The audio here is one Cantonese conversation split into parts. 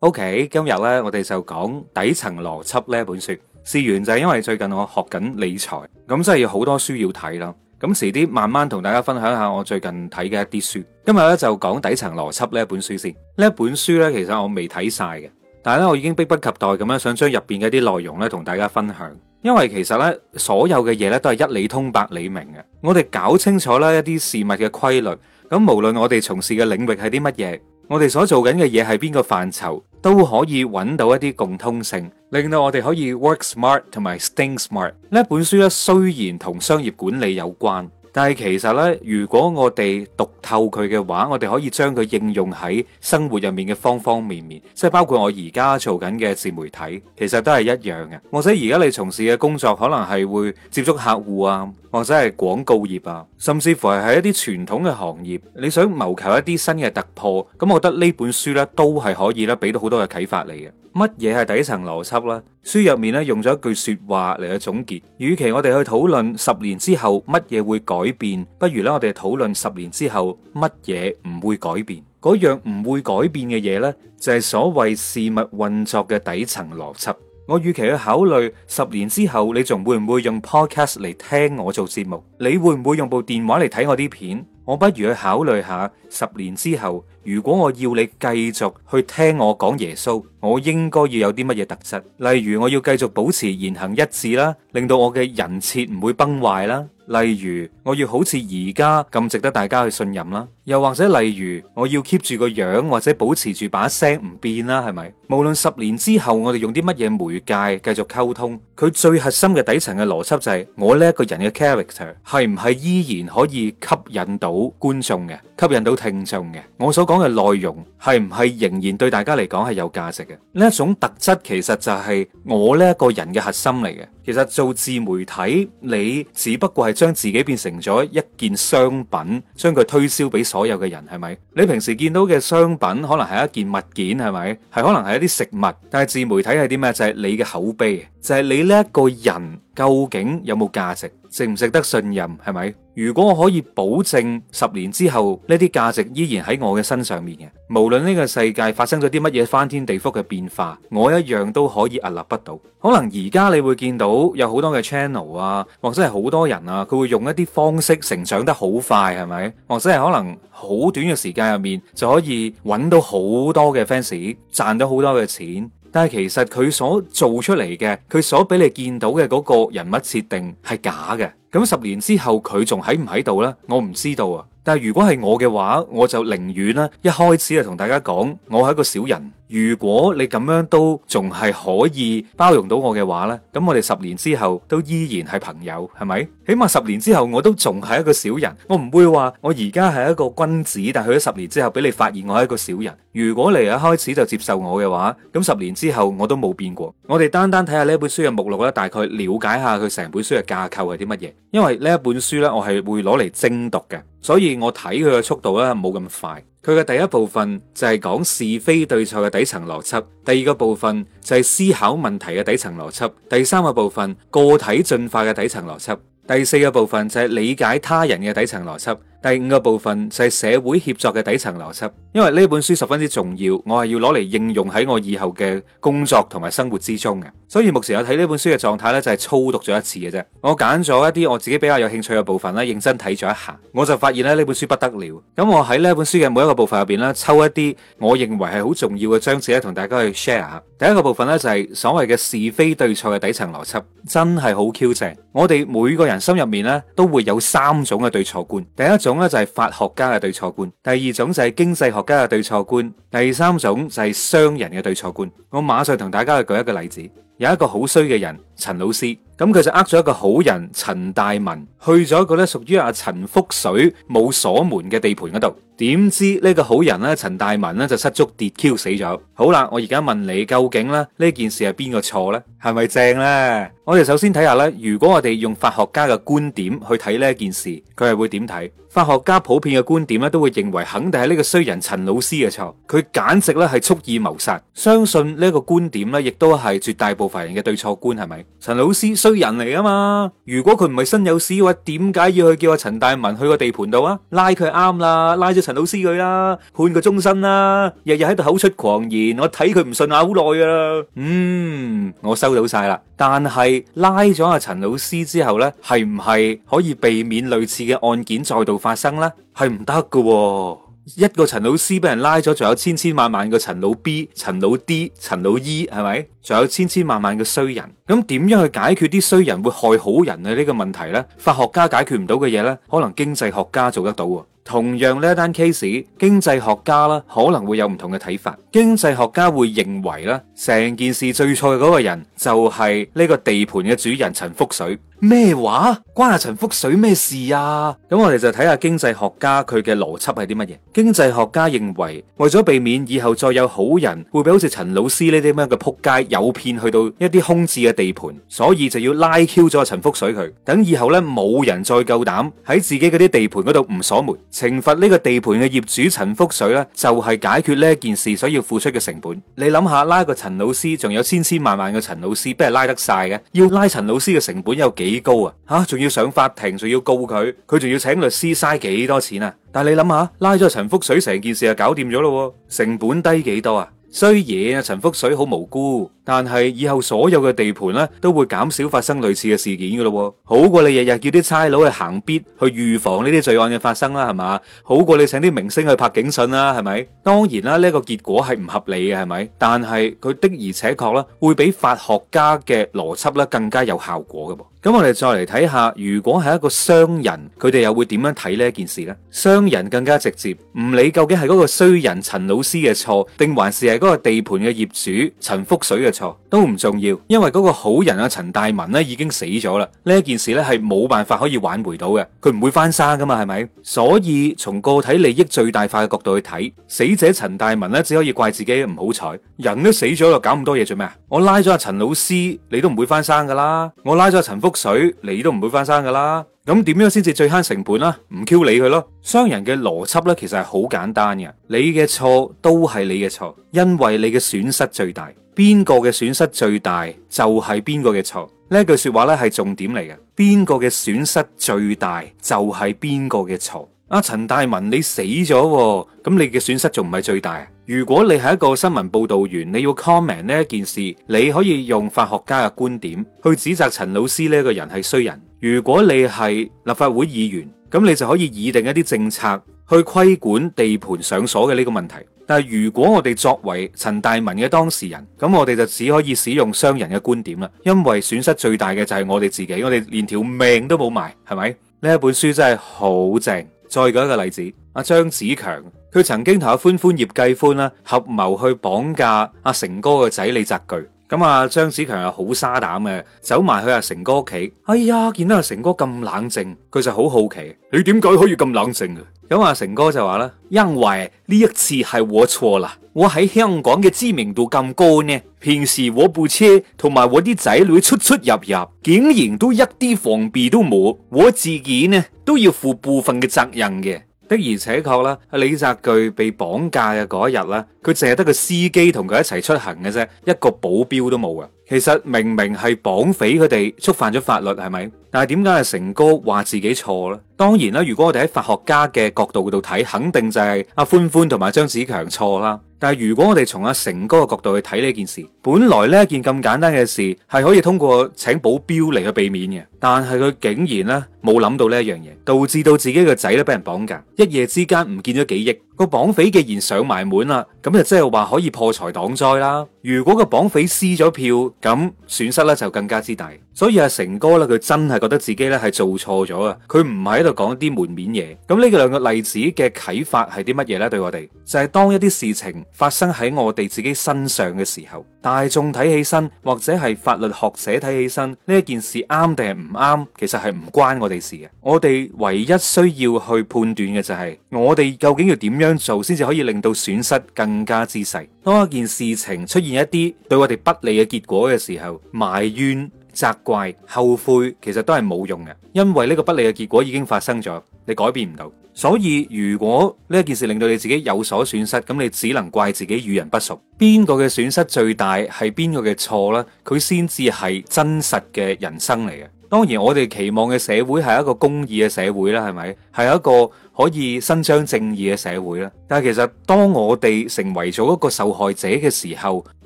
OK，今日咧我哋就講底層邏輯呢本書，事緣就係因為最近我學緊理財，咁真係有好多書要睇咯。咁遲啲慢慢同大家分享下我最近睇嘅一啲書。今日咧就講底層邏輯呢本書先。呢本書呢，其實我未睇晒嘅，但係咧我已經迫不及待咁樣想將入邊嘅啲內容咧同大家分享。因為其實呢，所有嘅嘢呢都係一理通百理明嘅。我哋搞清楚咧一啲事物嘅規律，咁無論我哋從事嘅領域係啲乜嘢，我哋所做緊嘅嘢係邊個範疇，都可以揾到一啲共通性，令到我哋可以 work smart 同埋 think smart。呢本書咧雖然同商業管理有關。但係其實呢，如果我哋讀透佢嘅話，我哋可以將佢應用喺生活入面嘅方方面面，即係包括我而家做緊嘅自媒體，其實都係一樣嘅。或者而家你從事嘅工作可能係會接觸客戶啊，或者係廣告業啊，甚至乎係一啲傳統嘅行業，你想謀求一啲新嘅突破，咁我覺得呢本書呢，都係可以咧，俾到好多嘅啟發你嘅。乜嘢係底層邏輯呢？書入面咧用咗一句說話嚟去總結，與其我哋去討論十年之後乜嘢會改變，不如咧我哋討論十年之後乜嘢唔會改變。嗰樣唔會改變嘅嘢呢，就係所謂事物運作嘅底層邏輯。我與其去考慮十年之後你仲會唔會用 podcast 嚟聽我做節目，你會唔會用部電話嚟睇我啲片，我不如去考慮下十年之後。如果我要你繼續去聽我講耶穌，我應該要有啲乜嘢特質？例如我要繼續保持言行一致啦，令到我嘅人設唔會崩壞啦。例如我要好似而家咁值得大家去信任啦。又或者例如我要 keep 住個樣或者保持住把聲唔變啦，係咪？無論十年之後我哋用啲乜嘢媒介繼續溝通，佢最核心嘅底層嘅邏輯就係我呢一個人嘅 character 係唔係依然可以吸引到觀眾嘅，吸引到聽眾嘅。我所講。嘅內容係唔係仍然對大家嚟講係有價值嘅？呢一種特質其實就係我呢一個人嘅核心嚟嘅。其實做自媒體，你只不過係將自己變成咗一件商品，將佢推銷俾所有嘅人，係咪？你平時見到嘅商品可能係一件物件，係咪？係可能係一啲食物，但係自媒體係啲咩？就係你嘅口碑，就係你呢一個人究竟有冇價值，值唔值得信任，係咪？如果我可以保證十年之後呢啲價值依然喺我嘅身上面嘅。無論呢個世界發生咗啲乜嘢翻天地覆嘅變化，我一樣都可以屹立不倒。可能而家你會見到有好多嘅 channel 啊，或者係好多人啊，佢會用一啲方式成長得好快，係咪？或者係可能好短嘅時間入面就可以揾到好多嘅 fans，賺到好多嘅錢。但係其實佢所做出嚟嘅，佢所俾你見到嘅嗰個人物設定係假嘅。咁十年之後佢仲喺唔喺度呢？我唔知道啊。但係如果係我嘅話，我就寧願啦，一開始就同大家講，我係一個小人。如果你咁樣都仲係可以包容到我嘅話呢，咁我哋十年之後都依然係朋友，係咪？起碼十年之後我都仲係一個小人，我唔會話我而家係一個君子，但係去咗十年之後俾你發現我係一個小人。如果你一開始就接受我嘅話，咁十年之後我都冇變過。我哋單單睇下呢本書嘅目錄呢，大概了解下佢成本書嘅架構係啲乜嘢。因為呢一本書呢，我係會攞嚟精讀嘅，所以我睇佢嘅速度呢冇咁快。佢嘅第一部分就係講是非對錯嘅底層邏輯，第二個部分就係思考問題嘅底層邏輯，第三個部分個體進化嘅底層邏輯，第四個部分就係理解他人嘅底層邏輯。第五個部分就係社會協作嘅底層邏輯，因為呢本書十分之重要，我係要攞嚟應用喺我以後嘅工作同埋生活之中嘅。所以目前我睇呢本書嘅狀態咧，就係粗讀咗一次嘅啫。我揀咗一啲我自己比較有興趣嘅部分咧，認真睇咗一下，我就發現咧呢本書不得了。咁我喺呢本書嘅每一個部分入邊咧，抽一啲我認為係好重要嘅章節咧，同大家去 share 下。第一個部分咧就係所謂嘅是非對錯嘅底層邏輯，真係好 Q 正。我哋每個人心入面咧都會有三種嘅對錯觀，第一種。就係法學家嘅對錯觀，第二種就係經濟學家嘅對錯觀，第三種就係商人嘅對錯觀。我馬上同大家去舉一個例子。有一個好衰嘅人陳老師，咁佢就呃咗一個好人陳大文去咗一個咧屬於阿陳福水冇鎖門嘅地盤嗰度，點知呢個好人咧陳大文咧就失足跌 Q 死咗。好啦，我而家問你究竟咧呢件事係邊個錯呢？係咪正呢？我哋首先睇下咧，如果我哋用法學家嘅觀點去睇呢一件事，佢係會點睇？法學家普遍嘅觀點咧都會認為肯定係呢個衰人陳老師嘅錯，佢簡直咧係蓄意謀殺。相信呢一個觀點咧亦都係絕大部分。凡人嘅對錯觀，係咪？陳老師衰人嚟啊嘛！如果佢唔係身有屎，我點解要去叫阿陳大文去個地盤度啊？拉佢啱啦，拉咗陳老師佢啦，判個終身啦，日日喺度口出狂言，我睇佢唔順眼好耐噶啦。嗯，我收到晒。啦但係拉咗阿陳老師之後呢，係唔係可以避免類似嘅案件再度發生呢？係唔得噶。一個陳老師俾人拉咗，仲有千千萬萬個陳老 B、陳老 D、陳老 E，係咪？仲有千千萬萬嘅衰人，咁點樣去解決啲衰人會害好人嘅呢個問題呢？法學家解決唔到嘅嘢呢，可能經濟學家做得到喎。同樣呢一單 case，經濟學家啦可能會有唔同嘅睇法。經濟學家會認為啦，成件事最錯嘅嗰個人就係呢個地盤嘅主人陳福水。咩話？關阿陳福水咩事啊？咁我哋就睇下經濟學家佢嘅邏輯係啲乜嘢。經濟學家認為，為咗避免以後再有好人會俾好似陳老師呢啲咁樣嘅仆街。誘騙去到一啲空置嘅地盤，所以就要拉 Q 咗陳福水佢。等以後呢，冇人再夠膽喺自己嗰啲地盤嗰度唔鎖門，懲罰呢個地盤嘅業主陳福水呢，就係解決呢件事所要付出嘅成本。你諗下，拉個陳老師，仲有千千萬萬個陳老師，邊係拉得晒嘅？要拉陳老師嘅成本有幾高啊？吓，仲要上法庭，仲要告佢，佢仲要請律師嘥幾多錢啊？但係你諗下，拉咗陳福水，成件事就搞掂咗咯，成本低幾多啊？雖然陳福水好無辜，但係以後所有嘅地盤咧，都會減少發生類似嘅事件噶咯，好過你日日叫啲差佬去行必去預防呢啲罪案嘅發生啦，係嘛？好過你請啲明星去拍警訊啦，係咪？當然啦，呢、這個結果係唔合理嘅，係咪？但係佢的而且確啦，會比法學家嘅邏輯咧更加有效果嘅。咁我哋再嚟睇下，如果係一個商人，佢哋又會點樣睇呢一件事呢？商人更加直接，唔理究竟係嗰個衰人陳老師嘅錯，定還是係嗰個地盤嘅業主陳福水嘅錯，都唔重要，因為嗰個好人阿陳大文呢已經死咗啦。呢一件事呢係冇辦法可以挽回到嘅，佢唔會翻生噶嘛，係咪？所以從個體利益最大化嘅角度去睇，死者陳大文呢，只可以怪自己唔好彩，人都死咗就搞咁多嘢做咩啊？我拉咗阿陳老師，你都唔會翻生噶啦，我拉咗阿陳福。水你都唔會翻生噶啦，咁點樣先至最慳成本啦？唔 Q 理佢咯。商人嘅邏輯咧，其實係好簡單嘅。你嘅錯都係你嘅錯，因為你嘅損失最大。邊個嘅損失最大就係邊個嘅錯。呢句說話咧係重點嚟嘅。邊個嘅損失最大就係邊個嘅錯。阿，啊，陳大文，你死咗喎，咁你嘅損失仲唔係最大？如果你係一個新聞報道員，你要 comment 呢一件事，你可以用法學家嘅觀點去指責陳老師呢個人係衰人。如果你係立法會議員，咁你就可以擬定一啲政策去規管地盤上鎖嘅呢個問題。但係如果我哋作為陳大文嘅當事人，咁我哋就只可以使用商人嘅觀點啦，因為損失最大嘅就係我哋自己，我哋連條命都冇埋，係咪？呢一本書真係好正。再舉一個例子，阿張子強。佢曾經同阿歡歡、葉繼歡啦合謀去綁架阿、啊、成哥個仔李澤鉅。咁、嗯、啊，張子強又好沙膽嘅，走埋去阿、啊、成哥屋企。哎呀，見到阿、啊、成哥咁冷靜，佢就好好奇，你點解可以咁冷靜嘅？咁阿、嗯啊、成哥就話啦，因為呢一次係我錯啦，我喺香港嘅知名度咁高呢，平時我部車同埋我啲仔女出出入入，竟然都一啲防備都冇，我自己呢都要負部分嘅責任嘅。的而且確啦，阿李澤鉅被綁架嘅嗰一日咧，佢淨係得個司機同佢一齊出行嘅啫，一個保鏢都冇嘅。其實明明係綁匪佢哋觸犯咗法律，係咪？但係點解係成哥話自己錯咧？當然啦，如果我哋喺法學家嘅角度度睇，肯定就係阿歡歡同埋張子強錯啦。但係如果我哋從阿成哥嘅角度去睇呢件事，本來呢一件咁簡單嘅事係可以通過請保鏢嚟去避免嘅，但係佢竟然呢冇諗到呢一樣嘢，導致到自己個仔都俾人綁架，一夜之間唔見咗幾億。個綁匪既然上埋門啦，咁就即係話可以破財擋災啦。如果個綁匪撕咗票，咁損失咧就更加之大。所以阿成哥咧，佢真係覺得自己咧係做錯咗啊！佢唔係喺度講啲門面嘢。咁呢個兩個例子嘅啟發係啲乜嘢呢？對我哋就係、是、當一啲事情發生喺我哋自己身上嘅時候，大眾睇起身或者係法律學者睇起身呢一件事啱定係唔啱，其實係唔關我哋事嘅。我哋唯一需要去判斷嘅就係、是、我哋究竟要點樣。樣做先至可以令到損失更加之細。當一件事情出現一啲對我哋不利嘅結果嘅時候，埋怨、責怪、後悔，其實都係冇用嘅，因為呢個不利嘅結果已經發生咗，你改變唔到。所以如果呢件事令到你自己有所損失，咁你只能怪自己遇人不淑。邊個嘅損失最大係邊個嘅錯咧？佢先至係真實嘅人生嚟嘅。當然我哋期望嘅社會係一個公義嘅社會啦，係咪？係一個可以伸張正義嘅社會啦，但係其實當我哋成為咗一個受害者嘅時候，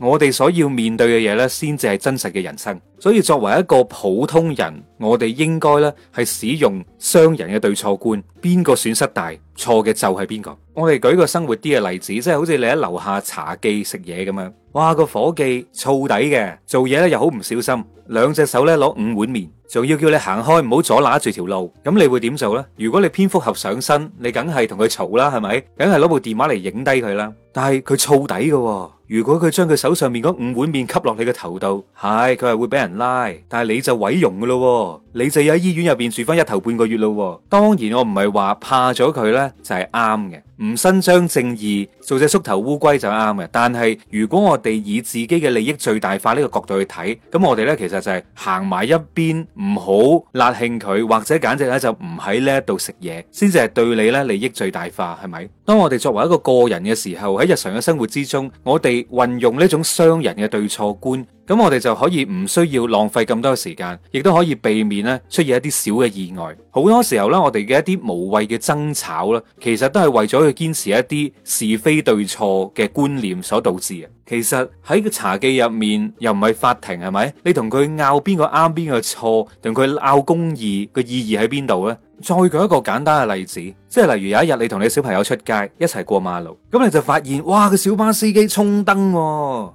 我哋所要面對嘅嘢咧，先至係真實嘅人生。所以作為一個普通人，我哋應該咧係使用商人嘅對錯觀，邊個損失大，錯嘅就係邊個。我哋舉個生活啲嘅例子，即係好似你喺樓下茶記食嘢咁樣，哇，個伙計燥底嘅，做嘢咧又好唔小心，兩隻手咧攞五碗麵，仲要叫你行開唔好阻攔住條路，咁你會點做呢？如果你蝙蝠俠上身。你梗係同佢嘈啦，係咪？梗係攞部電話嚟影低佢啦。但係佢燥底嘅，哦，如果佢將佢手上面嗰五碗麵吸落你嘅頭度，係佢係會俾人拉，但係你就毀容噶咯，哦，你就喺醫院入邊住翻一頭半個月咯，哦。當然我唔係話怕咗佢呢，就係啱嘅，唔伸張正義做隻縮頭烏龜就啱嘅。但係如果我哋以自己嘅利益最大化呢個角度去睇，咁我哋呢其實就係行埋一邊，唔好辣㷫佢，或者簡直呢就唔喺呢一度食嘢，先至係對你呢利益最大化，係咪？當我哋作為一個個人嘅時候。喺日常嘅生活之中，我哋運用呢種商人嘅對錯觀，咁我哋就可以唔需要浪費咁多時間，亦都可以避免咧出現一啲小嘅意外。好多時候咧，我哋嘅一啲無謂嘅爭吵咧，其實都係為咗去堅持一啲是非對錯嘅觀念所導致嘅。其實喺個茶記入面，又唔係法庭，係咪？你同佢拗邊個啱邊個錯，同佢拗公義嘅意義喺邊度呢？再舉一個簡單嘅例子。即係例如有一日你同你小朋友出街一齊過馬路，咁你就發現哇個小巴司機衝燈，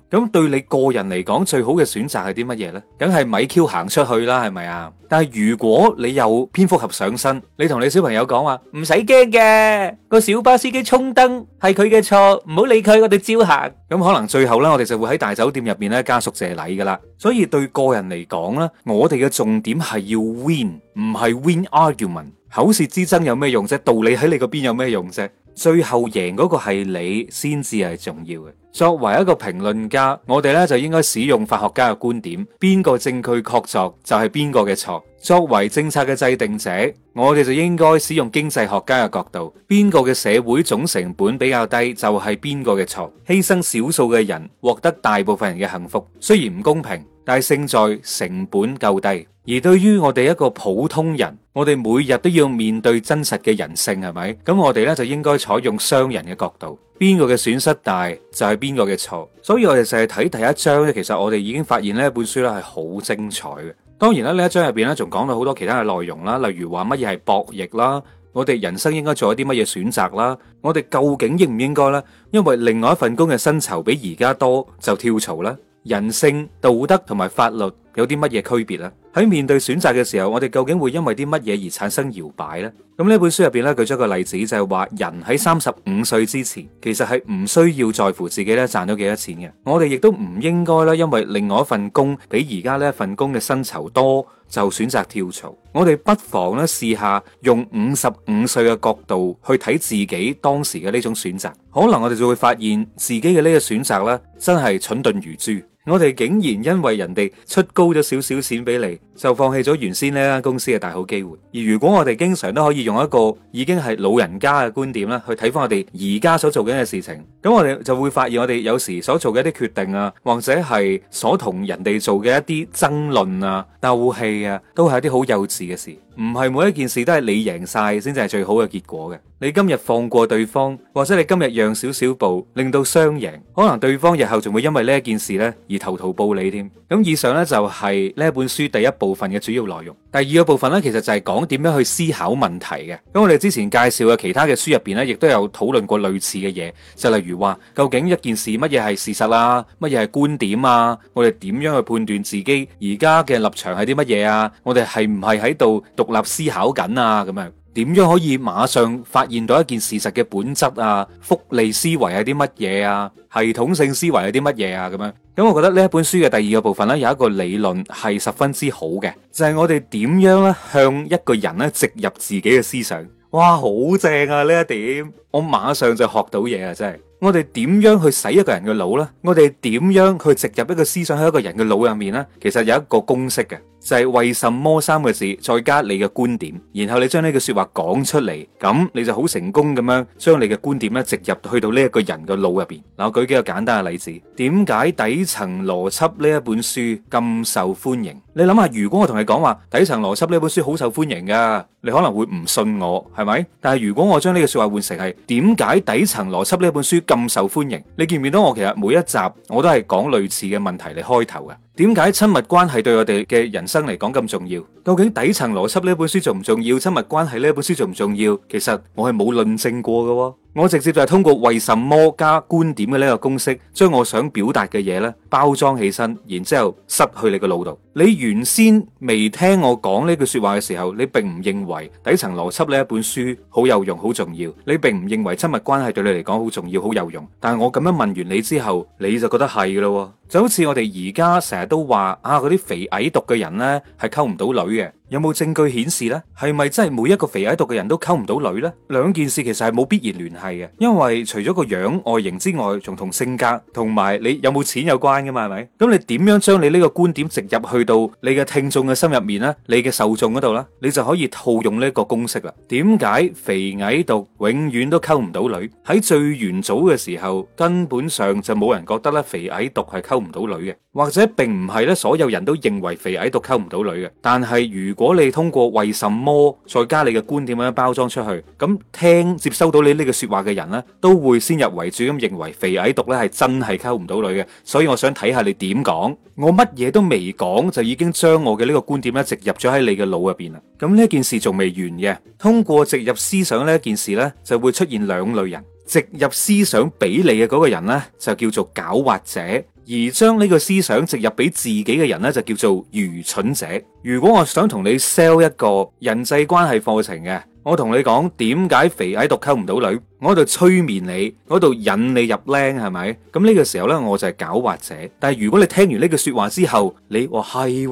咁對你個人嚟講最好嘅選擇係啲乜嘢呢？梗係咪 Q 行出去啦，係咪啊？但係如果你有蝙蝠俠上身，你同你小朋友講話唔使驚嘅，個小巴司機衝燈係佢嘅錯，唔好理佢，我哋照行。咁可能最後呢，我哋就會喺大酒店入邊呢，家屬謝禮噶啦。所以對個人嚟講呢，我哋嘅重點係要 win，唔係 win argument。口舌之爭有咩用啫？道理喺你嗰邊有咩用啫？最後贏嗰個係你先至係重要嘅。作為一個評論家，我哋咧就應該使用法學家嘅觀點，邊個證據確鑿就係邊個嘅錯。作為政策嘅制定者，我哋就應該使用經濟學家嘅角度，邊個嘅社會總成本比較低就係邊個嘅錯。犧牲少數嘅人，獲得大部分人嘅幸福，雖然唔公平，但係勝在成本夠低。而對於我哋一個普通人，我哋每日都要面對真實嘅人性，係咪？咁我哋咧就應該採用商人嘅角度，邊個嘅損失大就係邊個嘅錯。所以我哋就係睇第一章咧，其實我哋已經發現呢本書咧係好精彩嘅。當然咧，呢一章入邊咧仲講到好多其他嘅內容啦，例如話乜嘢係博弈啦，我哋人生應該做一啲乜嘢選擇啦，我哋究竟應唔應該咧？因為另外一份工嘅薪酬比而家多，就跳槽啦。人性、道德同埋法律，有啲乜嘢區別咧？喺面對選擇嘅時候，我哋究竟會因為啲乜嘢而產生搖擺呢？咁呢本書入邊咧舉咗一個例子就，就係話人喺三十五歲之前，其實係唔需要在乎自己咧賺到幾多錢嘅。我哋亦都唔應該咧，因為另外一份工比而家呢份工嘅薪酬多，就選擇跳槽。我哋不妨咧試下用五十五歲嘅角度去睇自己當時嘅呢種選擇，可能我哋就會發現自己嘅呢個選擇咧，真係蠢鈍如豬。我哋竟然因為人哋出高咗少少錢俾你，就放棄咗原先呢間公司嘅大好機會。而如果我哋經常都可以用一個已經係老人家嘅觀點啦，去睇返我哋而家所做緊嘅事情，咁我哋就會發現我哋有時所做嘅一啲決定啊，或者係所同人哋做嘅一啲爭論啊、鬥氣啊，都係一啲好幼稚嘅事。唔係每一件事都係你贏晒先至係最好嘅結果嘅。你今日放過對方，或者你今日讓少少步，令到雙贏，可能對方日後仲會因為呢一件事呢而投桃報李添。咁以上呢就係呢一本書第一部部分嘅主要內容，第二個部分呢，其實就係講點樣去思考問題嘅。咁我哋之前介紹嘅其他嘅書入邊呢，亦都有討論過類似嘅嘢，就例如話，究竟一件事乜嘢係事實啊，乜嘢係觀點啊，我哋點樣去判斷自己而家嘅立場係啲乜嘢啊？我哋係唔係喺度獨立思考緊啊？咁樣。點樣可以馬上發現到一件事實嘅本質啊？複利思維係啲乜嘢啊？系統性思維係啲乜嘢啊？咁樣，咁我覺得呢一本書嘅第二個部分呢，有一個理論係十分之好嘅，就係我哋點樣咧向一個人咧植入自己嘅思想。哇，好正啊！呢一點，我馬上就學到嘢啊！真係，我哋點樣去洗一個人嘅腦呢？我哋點樣去植入一個思想喺一個人嘅腦入面呢？其實有一個公式嘅。就係為什麼三個字，再加你嘅觀點，然後你將呢句說話講出嚟，咁你就好成功咁樣將你嘅觀點咧植入去到呢一個人嘅腦入邊。嗱，我舉幾個簡單嘅例子，點解底層邏輯呢一本書咁受歡迎？你諗下，如果我同你講話底層邏輯呢本書好受歡迎噶，你可能會唔信我，係咪？但係如果我將呢個說話換成係點解底層邏輯呢本書咁受歡迎？你見唔見到我其實每一集我都係講類似嘅問題嚟開頭嘅？點解親密關係對我哋嘅人生嚟講咁重要？究竟底層邏輯呢本書重唔重要？親密關係呢本書重唔重要？其實我係冇論證過噶。我直接就係通過為什麼加觀點嘅呢個公式，將我想表達嘅嘢咧包裝起身，然之後塞去你個腦度。你原先未聽我講呢句說話嘅時候，你並唔認為底層邏輯呢一本書好有用、好重要，你並唔認為親密關係對你嚟講好重要、好有用。但係我咁樣問完你之後，你就覺得係嘅咯，就好似我哋而家成日都話啊，嗰啲肥矮毒嘅人咧係溝唔到女嘅，有冇證據顯示咧？係咪真係每一個肥矮毒嘅人都溝唔到女咧？兩件事其實係冇必然聯繫。係嘅，因為除咗個樣外形之外，仲同性格同埋你有冇錢有關噶嘛，係咪？咁你點樣將你呢個觀點植入去到你嘅聽眾嘅心入面啦，你嘅受眾嗰度啦，你就可以套用呢個公式啦。點解肥矮毒永遠都溝唔到女？喺最原組嘅時候，根本上就冇人覺得咧，肥矮毒係溝唔到女嘅，或者並唔係咧，所有人都認為肥矮毒溝唔到女嘅。但係如果你通過為什麼再加你嘅觀點咁樣包裝出去，咁聽接收到你呢個說話。嘅人咧，都會先入為主咁認為肥矮毒咧係真係溝唔到女嘅，所以我想睇下你點講。我乜嘢都未講，就已經將我嘅呢個觀點咧植入咗喺你嘅腦入邊啦。咁呢件事仲未完嘅，通過植入思想呢件事呢，就會出現兩類人。植入思想俾你嘅嗰個人呢，就叫做狡猾者；而將呢個思想植入俾自己嘅人呢，就叫做愚蠢者。如果我想同你 sell 一個人際關係課程嘅。我同你講點解肥矮毒溝唔到女，我喺度催眠你，我喺度引你入僆，係咪？咁呢個時候呢，我就係狡猾者。但係如果你聽完呢句說話之後，你話係喎，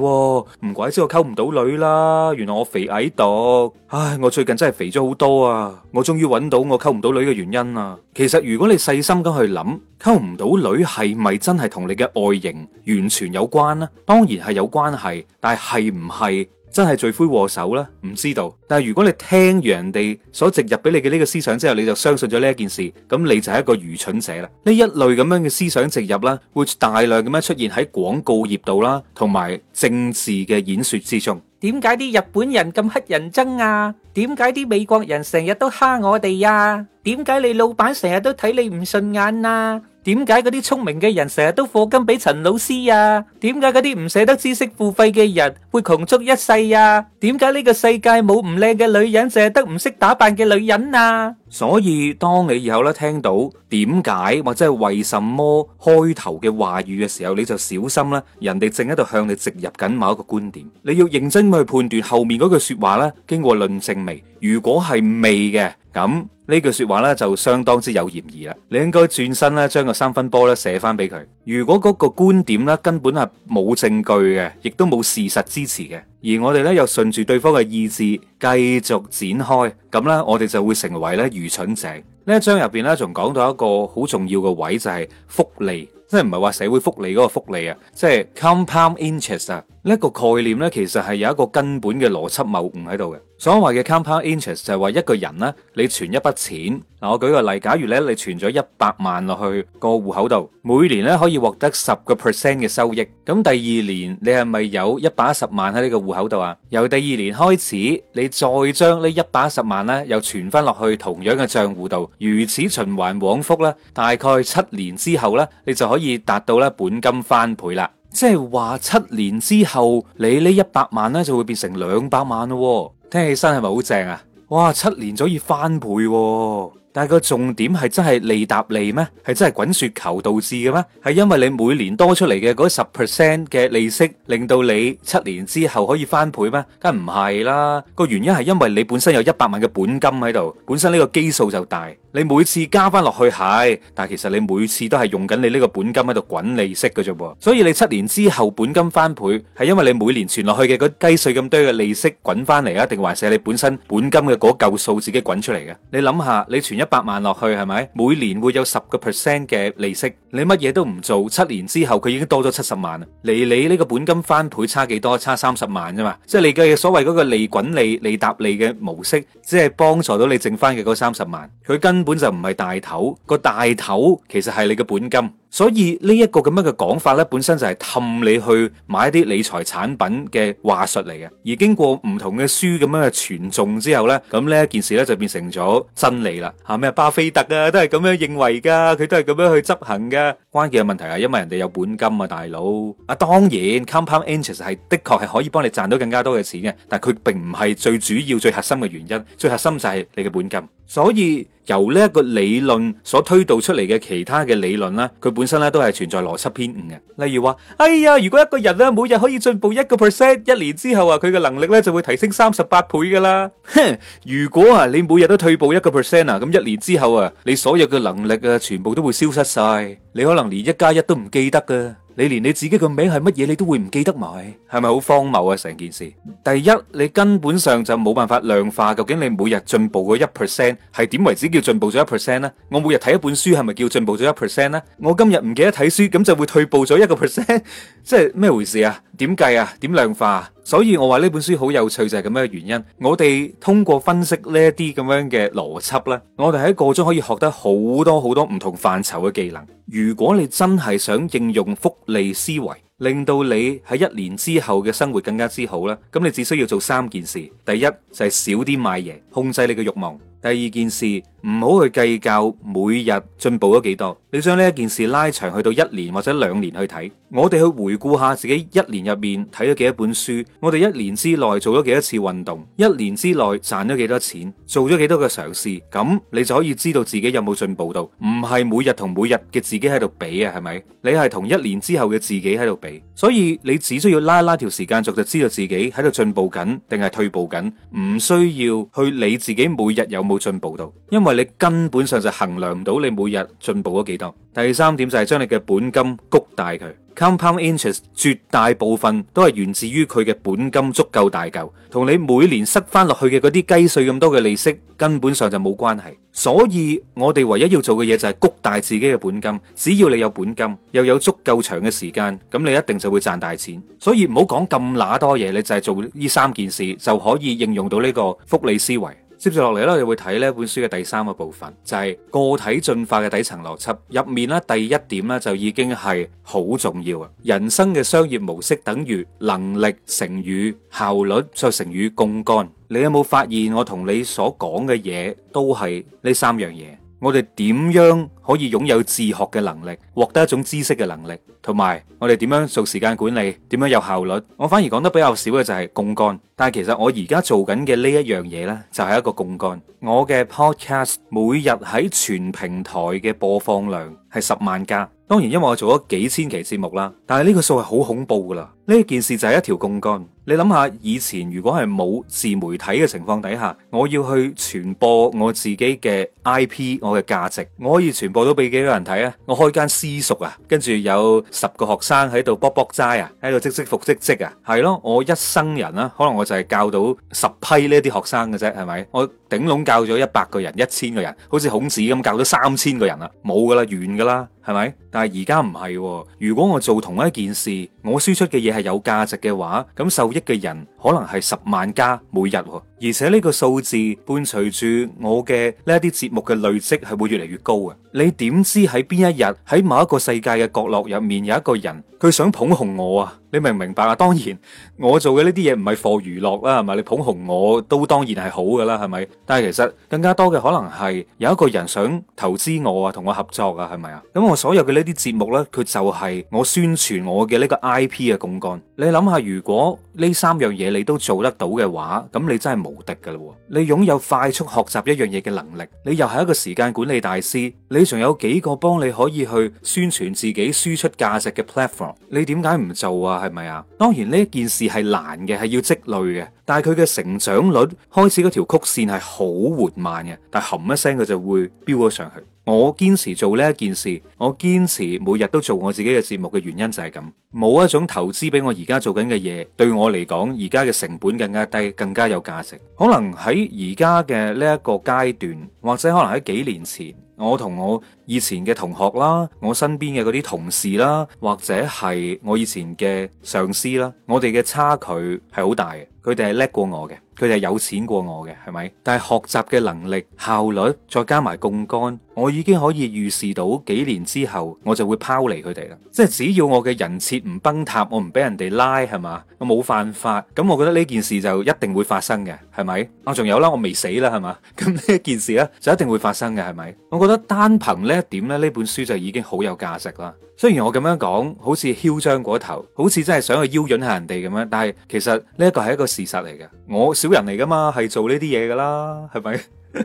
唔怪之我溝唔到女啦。原來我肥矮毒，唉，我最近真係肥咗好多啊！我終於揾到我溝唔到女嘅原因啦。其實如果你細心咁去諗，溝唔到女係咪真係同你嘅外形完全有關呢？當然係有關係，但係係唔係？真係罪魁禍首啦，唔知道。但係如果你聽人哋所植入俾你嘅呢個思想之後，你就相信咗呢一件事，咁你就係一個愚蠢者啦。呢一類咁樣嘅思想植入啦，會大量咁樣出現喺廣告業度啦，同埋政治嘅演說之中。點解啲日本人咁黑人憎啊？點解啲美國人成日都蝦我哋呀？點解你老闆成日都睇你唔順眼啊？點解嗰啲聰明嘅人成日都課金俾陳老師呀、啊？點解嗰啲唔捨得知識付費嘅人會窮足一世呀、啊？點解呢個世界冇唔靚嘅女人，淨係得唔識打扮嘅女人啊？所以當你以後咧聽到點解或者係為什麼，為什麼開頭嘅話語嘅時候，你就小心啦，人哋正喺度向你植入緊某一個觀點，你要認真去判斷後面嗰句說話咧經過論證未？如果係未嘅，咁，呢句說話呢就相當之有嫌疑啦。你應該轉身咧，將個三分波咧寫翻俾佢。如果嗰個觀點呢根本係冇證據嘅，亦都冇事實支持嘅，而我哋呢又順住對方嘅意志繼續展開，咁呢我哋就會成為咧愚蠢者。呢一章入邊呢仲講到一個好重要嘅位，就係複利，即係唔係話社會福利嗰個福利啊，即係 compound interest 啊，呢個概念呢其實係有一個根本嘅邏輯謬誤喺度嘅。所謂嘅 compound interest 就係話一個人咧，你存一筆錢嗱，我舉個例，假如咧你存咗一百萬落去個戶口度，每年咧可以獲得十個 percent 嘅收益。咁第二年你係咪有一百一十萬喺呢個戶口度啊？由第二年開始，你再將呢一百一十萬咧又存翻落去同樣嘅賬戶度，如此循環往復咧，大概七年之後咧，你就可以達到咧本金翻倍啦。即係話七年之後，你呢一百萬咧就會變成兩百萬咯。聽起身係咪好正啊！哇，七年咗已翻倍喎，啊！但係個重點係真係利搭利咩？係真係滾雪球導致嘅咩？係因為你每年多出嚟嘅嗰十 percent 嘅利息，令到你七年之後可以翻倍咩？梗係唔係啦？個原因係因為你本身有一百萬嘅本金喺度，本身呢個基數就大。你每次加翻落去係，但係其實你每次都係用緊你呢個本金喺度滾利息嘅啫噃。所以你七年之後本金翻倍，係因為你每年存落去嘅嗰雞碎咁多嘅利息滾翻嚟啊？定還是係你本身本金嘅嗰嚿數自己滾出嚟嘅？你諗下，你存一一百萬落去係咪？每年會有十個 percent 嘅利息，你乜嘢都唔做，七年之後佢已經多咗七十萬啊！離你呢個本金翻倍差幾多？差三十萬啫嘛！即係你嘅所謂嗰個利滾利、利搭利嘅模式，只係幫助到你剩翻嘅嗰三十萬，佢根本就唔係大頭，個大頭其實係你嘅本金。所以呢一個咁樣嘅講法呢，本身就係氹你去買一啲理財產品嘅話術嚟嘅。而經過唔同嘅書咁樣嘅傳頌之後呢，咁呢件事呢，就變成咗真理啦。吓、啊、咩？巴菲特啊，都係咁樣認為噶，佢都係咁樣去執行噶。關鍵嘅問題係因為人哋有本金啊，大佬。啊，當然、嗯、compound interest 係的確係可以幫你賺到更加多嘅錢嘅，但佢並唔係最主要、最核心嘅原因，最核心就係你嘅本金。所以由呢一個理論所推導出嚟嘅其他嘅理論啦，佢本身咧都係存在邏輯偏誤嘅。例如話，哎呀，如果一個人咧每日可以進步一個 percent，一年之後啊，佢嘅能力咧就會提升三十八倍噶啦。哼， 如果啊你每日都退步一個 percent 啊，咁一年之後啊，你所有嘅能力啊，全部都會消失晒，你可能連一加一都唔記得噶你連你自己個名係乜嘢，你都會唔記得埋，係咪好荒謬啊？成件事，第一你根本上就冇辦法量化，究竟你每日進步嘅一 percent 係點為止叫進步咗一 percent 咧？我每日睇一本書係咪叫進步咗一 percent 咧？我今日唔記得睇書，咁就會退步咗一個 percent，即係咩回事啊？點計啊？點量化，啊？所以我話呢本書好有趣就係咁樣嘅原因。我哋通過分析呢一啲咁樣嘅邏輯呢，我哋喺個中可以學得好多好多唔同範疇嘅技能。如果你真係想應用複利思維，令到你喺一年之後嘅生活更加之好啦，咁你只需要做三件事。第一就係、是、少啲買嘢，控制你嘅欲望。第二件事，唔好去計較每日進步咗幾多，你將呢一件事拉長去到一年或者兩年去睇，我哋去回顧下自己一年入面睇咗幾多本書，我哋一年之內做咗幾多次運動，一年之內賺咗幾多錢，做咗幾多個嘗試，咁你就可以知道自己有冇進步到，唔係每日同每日嘅自己喺度比啊，係咪？你係同一年之後嘅自己喺度比，所以你只需要拉一拉一條時間軸就知道自己喺度進步緊定係退步緊，唔需要去理自己每日有冇。進步到，因為你根本上就衡量唔到你每日進步咗幾多。第三點就係將你嘅本金谷大佢，compound interest 絕大部分都係源自於佢嘅本金足夠大嚿，同你每年塞翻落去嘅嗰啲雞碎咁多嘅利息，根本上就冇關係。所以我哋唯一要做嘅嘢就係谷大自己嘅本金。只要你有本金，又有足夠長嘅時間，咁你一定就會賺大錢。所以唔好講咁乸多嘢，你就係做呢三件事就可以應用到呢個複利思維。接住落嚟咧，我哋會睇呢本書嘅第三個部分，就係、是、個體進化嘅底層邏輯。入面咧，第一點咧就已經係好重要啊！人生嘅商業模式等於能力乘以效率再乘以槓桿。你有冇發現我同你所講嘅嘢都係呢三樣嘢？我哋點樣可以擁有自學嘅能力，獲得一種知識嘅能力，同埋我哋點樣做時間管理，點樣有效率？我反而講得比較少嘅就係槓桿，但係其實我而家做緊嘅呢一樣嘢呢，就係一個槓桿。我嘅 podcast 每日喺全平台嘅播放量係十萬加。當然，因為我做咗幾千期節目啦，但係呢個數係好恐怖噶啦。呢件事就係一條槓桿。你諗下，以前如果係冇自媒體嘅情況底下，我要去傳播我自己嘅 IP，我嘅價值，我可以傳播到俾幾多人睇啊？我開間私塾啊，跟住有十個學生喺度卜卜齋啊，喺度即即復即即啊，係咯，我一生人啦，可能我就係教到十批呢啲學生嘅啫，係咪？我頂籠教咗一百個人、一千個人，好似孔子咁教咗三千個人啊，冇噶啦，完噶啦。係咪？但係而家唔係，如果我做同一件事，我輸出嘅嘢係有價值嘅話，咁受益嘅人可能係十萬家每日喎而且呢個數字伴隨住我嘅呢一啲節目嘅累積係會越嚟越高嘅。你點知喺邊一日喺某一個世界嘅角落入面有一個人佢想捧紅我啊？你明唔明白啊？當然我做嘅呢啲嘢唔係 for 娛樂啦，係咪？你捧紅我都當然係好嘅啦，係咪？但係其實更加多嘅可能係有一個人想投資我啊，同我合作啊，係咪啊？咁我所有嘅呢啲節目咧，佢就係我宣傳我嘅呢個 IP 嘅槓桿。你諗下，如果呢三樣嘢你都做得到嘅話，咁你真係。無敵噶啦，你擁有快速學習一樣嘢嘅能力，你又係一個時間管理大師，你仲有幾個幫你可以去宣傳自己輸出價值嘅 platform，你點解唔做啊？係咪啊？當然呢件事係難嘅，係要積累嘅，但係佢嘅成長率開始嗰條曲線係好緩慢嘅，但係含一聲佢就會飆咗上去。我堅持做呢一件事，我堅持每日都做我自己嘅節目嘅原因就係咁，冇一種投資俾我而家做緊嘅嘢，對我嚟講，而家嘅成本更加低，更加有價值。可能喺而家嘅呢一個階段，或者可能喺幾年前。我同我以前嘅同學啦，我身邊嘅嗰啲同事啦，或者係我以前嘅上司啦，我哋嘅差距係好大嘅，佢哋係叻過我嘅，佢哋係有錢過我嘅，係咪？但係學習嘅能力效率再加埋槓桿，我已經可以預示到幾年之後，我就會拋離佢哋啦。即係只要我嘅人設唔崩塌，我唔俾人哋拉，係嘛？我冇犯法，咁我覺得呢件事就一定會發生嘅，係咪？我、啊、仲有啦，我未死啦，係嘛？咁呢件事咧就一定會發生嘅，係咪？覺得單憑呢一點咧，呢本書就已經好有價值啦。雖然我咁樣講，好似囂張過頭，好似真係想去邀引下人哋咁樣，但係其實呢一個係一個事實嚟嘅。我小人嚟噶嘛，係做呢啲嘢噶啦，係咪？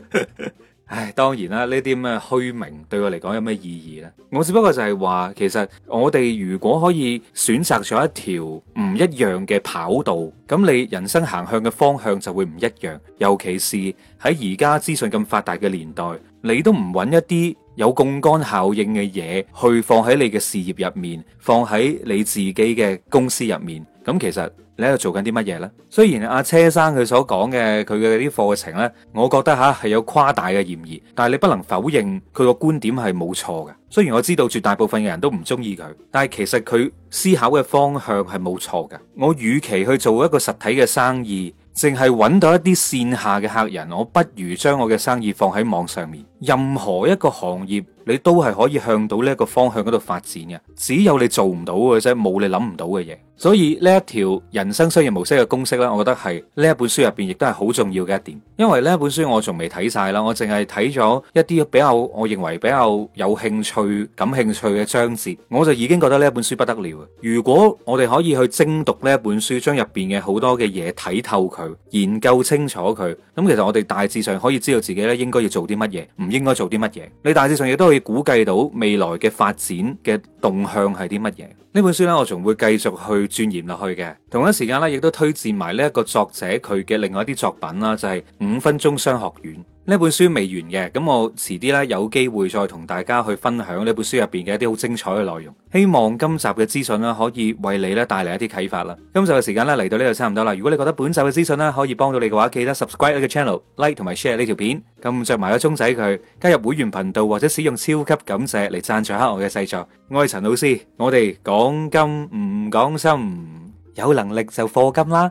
唉，當然啦，呢啲咁嘅虛名對我嚟講有咩意義呢？我只不過就係話，其實我哋如果可以選擇咗一條唔一樣嘅跑道，咁你人生行向嘅方向就會唔一樣。尤其是喺而家資訊咁發達嘅年代，你都唔揾一啲有槓桿效應嘅嘢去放喺你嘅事業入面，放喺你自己嘅公司入面。咁其實你喺度做緊啲乜嘢呢？雖然阿車生佢所講嘅佢嘅啲課程呢，我覺得吓係有誇大嘅嫌疑，但係你不能否認佢個觀點係冇錯嘅。雖然我知道絕大部分嘅人都唔中意佢，但係其實佢思考嘅方向係冇錯嘅。我與其去做一個實體嘅生意，淨係揾到一啲線下嘅客人，我不如將我嘅生意放喺網上面。任何一個行業，你都係可以向到呢一個方向嗰度發展嘅。只有你做唔到嘅啫，冇你諗唔到嘅嘢。所以呢一條人生商業模式嘅公式咧，我覺得係呢一本書入邊亦都係好重要嘅一點。因為呢一本書我仲未睇晒啦，我淨係睇咗一啲比較，我認為比較有興趣、感興趣嘅章節，我就已經覺得呢一本書不得了。如果我哋可以去精讀呢一本書，將入邊嘅好多嘅嘢睇透佢、研究清楚佢，咁其實我哋大致上可以知道自己咧應該要做啲乜嘢。唔應該做啲乜嘢？你大致上亦都可以估計到未來嘅發展嘅動向係啲乜嘢？呢本書呢，我仲會繼續去鑽研落去嘅。同一時間呢，亦都推薦埋呢一個作者佢嘅另外一啲作品啦，就係、是《五分鐘商學院》。呢一本書未完嘅，咁我遲啲咧有機會再同大家去分享呢本書入邊嘅一啲好精彩嘅內容。希望今集嘅資訊咧可以為你咧帶嚟一啲啟發啦。今集嘅時間咧嚟到呢度差唔多啦。如果你覺得本集嘅資訊咧可以幫到你嘅話，記得 subscribe 呢個 channel，like 同埋 share 呢條片，撳著埋個鐘仔佢，加入會員頻道或者使用超級感謝嚟贊助下我嘅細作。我係陳老師，我哋講金唔講心，有能力就課金啦。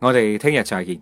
我哋聽日再見。